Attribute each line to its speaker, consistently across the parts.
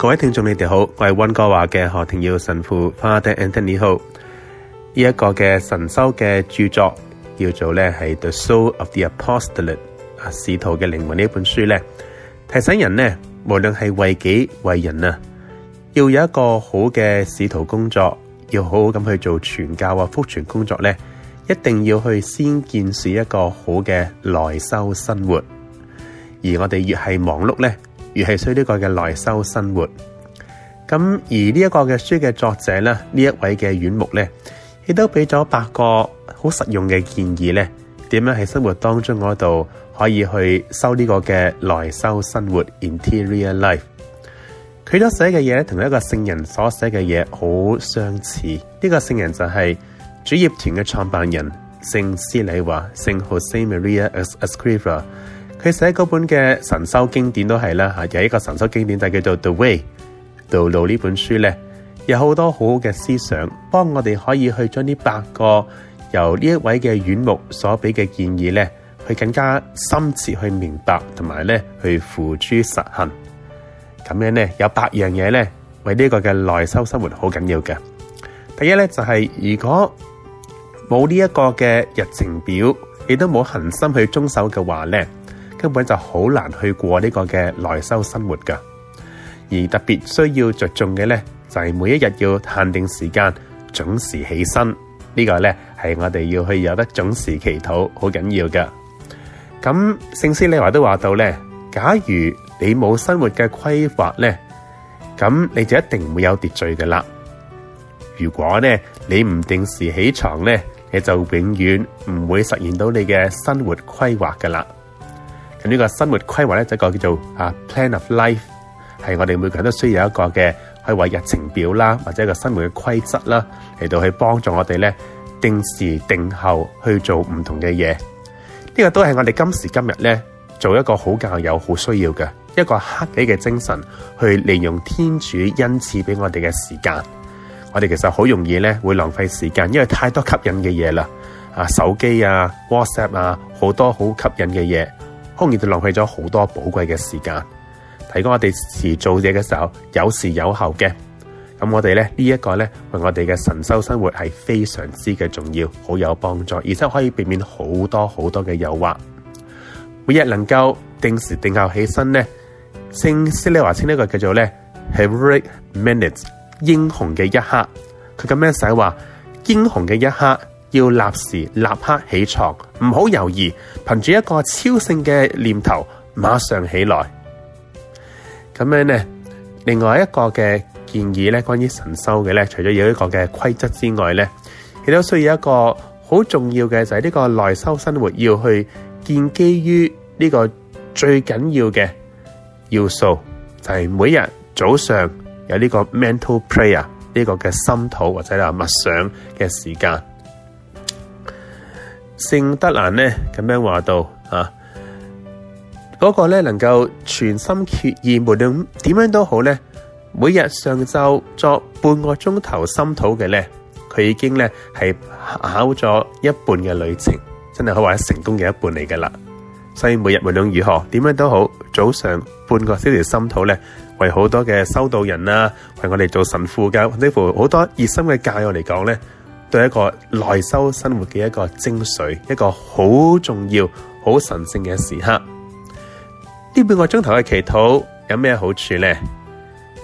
Speaker 1: 各位聽眾，你哋好，我係温哥華嘅何庭耀神父 Father Anthony。好，呢一個嘅神修嘅著作叫做咧係 The Soul of the Apostolate 啊，使徒嘅靈魂呢一本書咧，提醒人咧無論係為己為人啊，要有一個好嘅使徒工作，要好好咁去做傳教啊福傳工作咧，一定要去先建設一個好嘅內修生活。而我哋越係忙碌咧。如係需呢個嘅內修生活，咁而呢一個嘅書嘅作者咧，呢一位嘅遠木咧，亦都俾咗八個好實用嘅建議咧，點樣喺生活當中嗰度可以去修呢個嘅內修生活 （interior life）。佢都寫嘅嘢咧，同一個聖人所寫嘅嘢好相似。呢、這個聖人就係主業團嘅創辦人聖斯里華聖號 José 瑪麗亞·埃斯奎拉。佢寫嗰本嘅神修經典都係啦，吓，有一個神修經典就叫做《The Way》。《道路》呢本書咧，有好多好嘅思想，幫我哋可以去將呢八個由呢一位嘅遠目所俾嘅建議咧，去更加深切去明白，同埋咧去付諸實行。咁樣咧，有八樣嘢咧，為呢一個嘅內修生活好緊要嘅。第一咧就係如果冇呢一個嘅日程表，亦都冇恆心去遵守嘅話咧。根本就好難去過呢個嘅內修生活噶，而特別需要着重嘅呢就係每一日要限定時間準時起身。呢個呢係我哋要去有得準時祈禱，好緊要噶。咁聖師李華都話到呢，假如你冇生活嘅規劃呢，咁你就一定唔會有秩序噶啦。如果呢你唔定時起床呢，你就永遠唔會實現到你嘅生活規劃噶啦。呢個生活規劃咧，就一個叫做啊，plan of life，係我哋每個人都需要有一個嘅，去畫日程表啦，或者一個生活嘅規則啦，嚟到去幫助我哋咧定時定候，去做唔同嘅嘢。呢個都係我哋今時今日咧做一個好教友，好需要嘅一個克己嘅精神，去利用天主恩賜俾我哋嘅時間。我哋其實好容易咧會浪費時間，因為太多吸引嘅嘢啦，啊手機啊、WhatsApp 啊，好多好吸引嘅嘢。空然就浪費咗好多寶貴嘅時間，提供我哋遲做嘢嘅時候有時有效嘅。咁我哋咧呢一個咧，為我哋嘅神修生活係非常之嘅重要，好有幫助，而且可以避免好多好多嘅誘惑。每日能夠定時定候起身咧，聖施禮華稱呢個叫做咧係 heroic minute 英雄嘅一刻。佢咁樣使話英雄嘅一刻？要立時、立刻起床，唔好猶豫，憑住一個超性嘅念頭，馬上起來。咁樣呢，另外一個嘅建議呢，關於神修嘅呢，除咗有一個嘅規則之外呢，亦都需要一個好重要嘅就係呢個內修生活要去建基於呢個最緊要嘅要素，就係、是、每日早上有呢個 mental prayer 呢個嘅心禱，或者啊默想嘅時間。聖德蘭呢，咁樣話到啊，嗰、嗰個呢，能夠全心全意無論點樣都好呢，每日上晝作半個鐘頭心禱嘅呢，佢已經呢係考咗一半嘅旅程，真係可以話成功嘅一半嚟噶啦。所以每日無論如何，點樣都好，早上半個小時心禱呢，為好多嘅修道人啊，為我哋做神父嘅教，呢甚至乎好多熱心嘅教友嚟講呢。對一個內修生活嘅一個精髓，一個好重要、好神聖嘅時刻。呢半個鐘頭嘅祈禱有咩好處呢？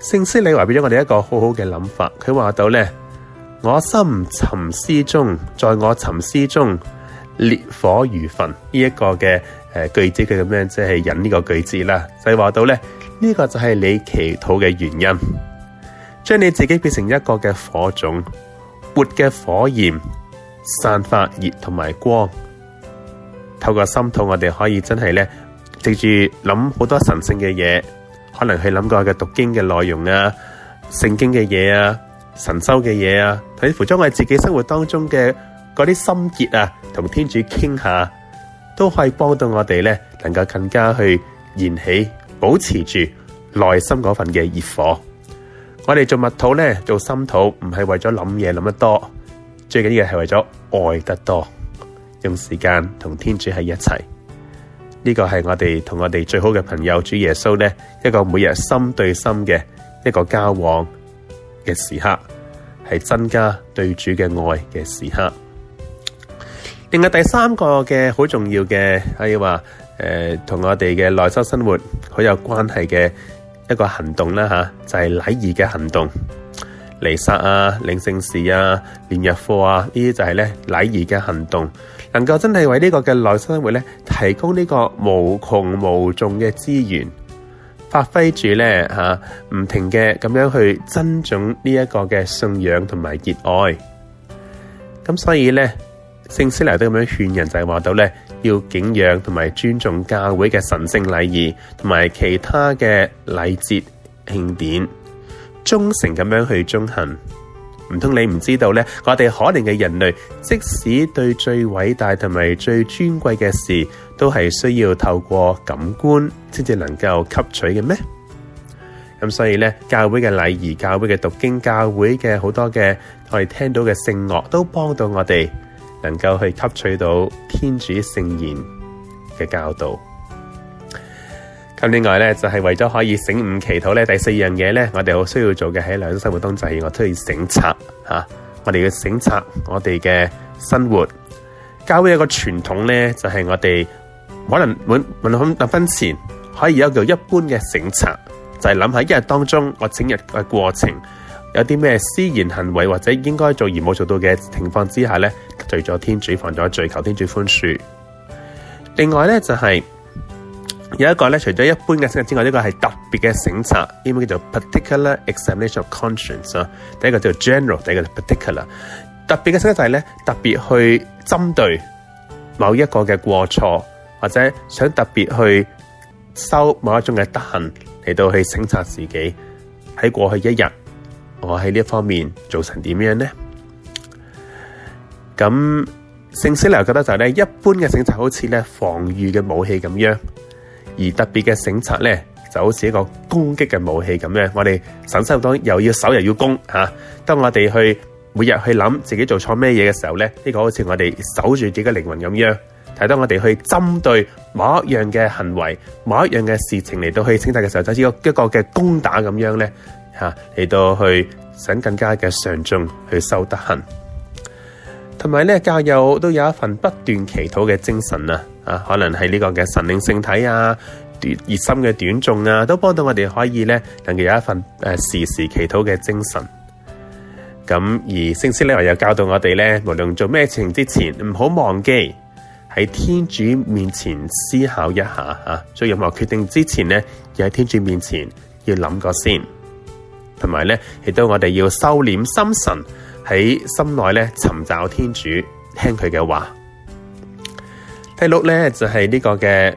Speaker 1: 聖師你話俾咗我哋一個好好嘅諗法。佢話到呢：「我心沉思中，在我沉思中，烈火如焚。呢、這、一個嘅誒、呃、句子佢咁樣即係引呢個句子啦，就係話到呢，呢、這個就係你祈禱嘅原因，將你自己變成一個嘅火種。活嘅火焰散發熱同埋光，透過心痛，我哋可以真係咧，藉住諗好多神聖嘅嘢，可能去諗過嘅讀經嘅內容啊、聖經嘅嘢啊、神修嘅嘢啊，去捕捉我哋自己生活當中嘅嗰啲心結啊，同天主傾下，都可以幫到我哋咧，能夠更加去燃起，保持住內心嗰份嘅熱火。我哋做蜜土呢，做心土，唔係為咗諗嘢諗得多，最緊要係為咗愛得多，用時間同天主喺一齊。呢、這個係我哋同我哋最好嘅朋友主耶穌呢，一個每日心對心嘅一個交往嘅時刻，係增加對主嘅愛嘅時刻。另外第三個嘅好重要嘅，可以話誒，同、呃、我哋嘅內修生活好有關係嘅。一個行動啦吓，就係、是、禮儀嘅行動，彌撒啊、領聖事啊、念日課啊，呢啲就係咧禮儀嘅行動，能夠真係為呢個嘅內心生活咧，提供呢個無窮無盡嘅資源，發揮住咧吓，唔停嘅咁樣去增長呢一個嘅信仰同埋熱愛，咁所以咧。聖斯嚟德咁樣勸人就係話到咧，要敬仰同埋尊重教會嘅神聖禮儀，同埋其他嘅禮節慶典，忠誠咁樣去忠行。唔通你唔知道咧？我哋可憐嘅人類，即使對最偉大同埋最尊貴嘅事，都係需要透過感官先至能夠吸取嘅咩？咁所以咧，教會嘅禮儀、教會嘅讀經、教會嘅好多嘅我哋聽到嘅聖樂，都幫到我哋。能夠去吸取到天主聖言嘅教導，咁另外咧就係、是、為咗可以醒悟祈禱咧。第四樣嘢咧，我哋好需要做嘅喺日常生活當中就係我哋要省察吓、啊，我哋嘅省察，我哋嘅生活，教會一個傳統咧就係、是、我哋可能問，問問瞓前可以有一個叫一般嘅省察，就係諗喺一日當中我整日嘅過程。有啲咩私言行為或者應該做而冇做到嘅情況之下咧，罪咗天主，犯咗罪，求天主寬恕。另外咧就係有一個咧，除咗一般嘅省察之外，呢個係特別嘅省察，英文叫做 Particular Examination of Conscience 啊。第一個叫做 General，第二個 Particular，特別嘅省察就係咧特別去針對某一個嘅過錯，或者想特別去收某一種嘅德行嚟到去省察自己喺過去一日。我喺呢一方面做成點樣咧？咁聖師劉覺得就係咧，一般嘅省察好似咧防禦嘅武器咁樣，而特別嘅省察咧就好似一個攻擊嘅武器咁樣。我哋神修黨又要守又要攻吓，當我哋去每日去諗自己做錯咩嘢嘅時候咧，呢個好似我哋守住自己嘅靈魂咁樣。睇到我哋去針對某一樣嘅行為、某一樣嘅事情嚟到去省察嘅時候，就似一個一個嘅攻打咁樣咧。吓，嚟到去想更加嘅上眾去修德行，同埋咧教友都有一份不斷祈禱嘅精神啊。啊，可能係呢個嘅神領聖體啊，熱心嘅短眾啊，都幫到我哋可以咧，能夠有一份誒、啊、時時祈禱嘅精神。咁而聖師呢位又教導我哋咧，無論做咩事情之前，唔好忘記喺天主面前思考一下啊。做任何決定之前咧，要喺天主面前要諗過先。同埋咧，亦都我哋要收斂心神喺心內咧尋找天主，聽佢嘅話。第六咧就係呢個嘅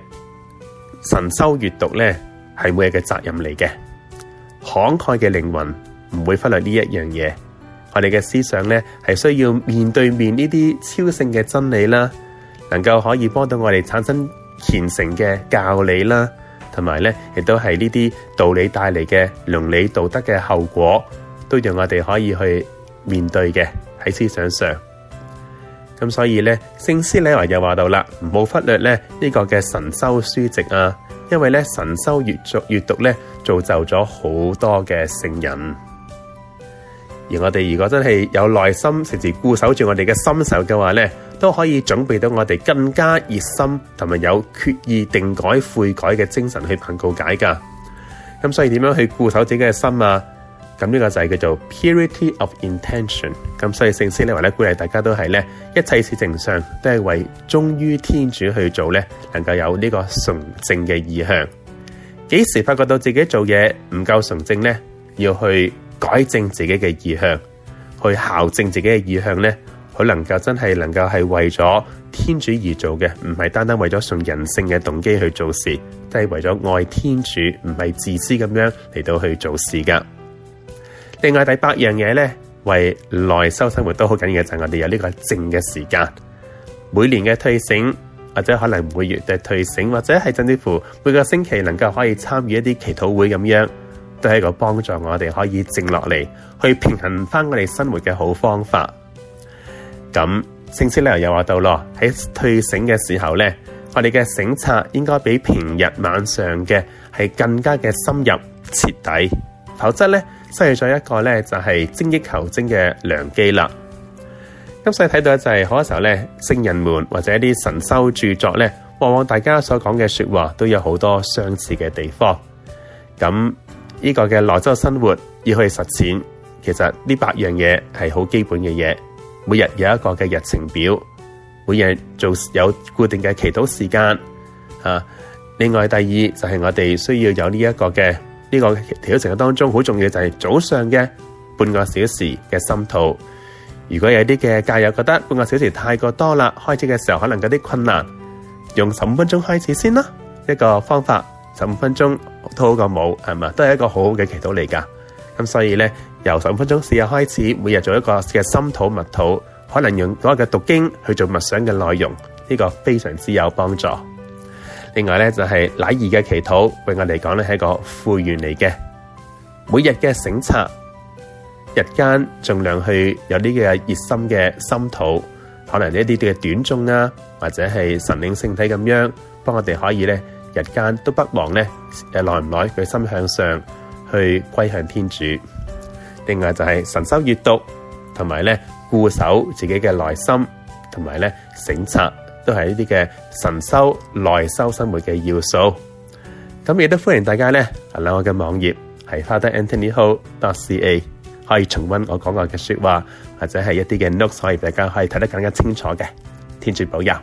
Speaker 1: 神修閱讀咧係每日嘅責任嚟嘅，慷慨嘅靈魂唔會忽略呢一樣嘢。我哋嘅思想咧係需要面對面呢啲超性嘅真理啦，能夠可以幫到我哋產生虔誠嘅教理啦。同埋咧，亦都係呢啲道理帶嚟嘅倫理道德嘅後果，都讓我哋可以去面對嘅喺思想上。咁所以咧，聖施禮華又話到啦，唔好忽略咧呢個嘅神修書籍啊，因為咧神修閲讀閲讀咧，造就咗好多嘅聖人。而我哋如果真係有耐心，持之固守住我哋嘅心手嘅話，呢都可以準備到我哋更加熱心同埋有決意，定改悔改嘅精神去行告解噶。咁所以點樣去固守自己嘅心啊？咁呢個就係叫做 purity of intention。咁所以聖師呢話咧鼓勵大家都係咧一切事情上都係為忠於天主去做咧，能夠有呢個純正嘅意向。幾時發覺到自己做嘢唔夠純正咧，要去改正自己嘅意向，去校正自己嘅意向咧，佢能夠真係能夠係為咗天主而做嘅，唔係單單為咗順人性嘅動機去做事，都係為咗愛天主，唔係自私咁樣嚟到去做事噶。另外，第八樣嘢咧，為內修生活都好緊要嘅，就係、是、我哋有呢個靜嘅時間，每年嘅退省，或者可能每月嘅退省，或者係甚至乎每個星期能夠可以參與一啲祈禱會咁樣。都係一個幫助我哋可以靜落嚟，去平衡翻我哋生活嘅好方法。咁聖賢呢又又話到咯，喺退省嘅時候呢，我哋嘅省察應該比平日晚上嘅係更加嘅深入徹底，否則呢，失去咗一個呢就係、是、精益求精嘅良機啦。咁所以睇到就係好多時候呢聖人們或者啲神修著作呢，往往大家所講嘅說的話都有好多相似嘅地方咁。呢、這個嘅內州生活要去實踐，其實呢八樣嘢，係好基本嘅嘢。每日有一個嘅日程表，每日做有固定嘅祈禱時間、啊。另外第二就係我哋需要有呢一個嘅呢、這個祈禱程序當中好重要就係、是、早上嘅半個小時嘅心禱。如果有啲嘅教友覺得半個小時太過多啦，開始嘅時候可能有啲困難，用十五分鐘開始先啦。一個方法，十五分鐘。都好過冇，係咪？都係一個好好嘅祈禱嚟㗎。咁所以呢，由十五分鐘試下開始，每日做一個嘅心禱默禱，可能用嗰一個讀經去做默想嘅內容，呢個非常之有幫助。另外呢，就係禮儀嘅祈禱，對我嚟講呢係一個富源嚟嘅。每日嘅省察，日間盡量去有呢個熱心嘅心禱，可能呢啲嘅短誦啊，或者係神領聖體咁樣，幫我哋可以呢。日間都不忘咧，誒，耐唔耐佢心向上，去歸向天主。另外就係神修閱讀，同埋咧固守自己嘅內心，同埋咧省察，都係呢啲嘅神修內修生活嘅要素。咁亦都歡迎大家咧瀏覽我嘅網頁，係 fatheranthonyho.ca，可以重温我講過嘅說話，或者係一啲嘅 notes，可以大家可以睇得更加清楚嘅。天主保佑。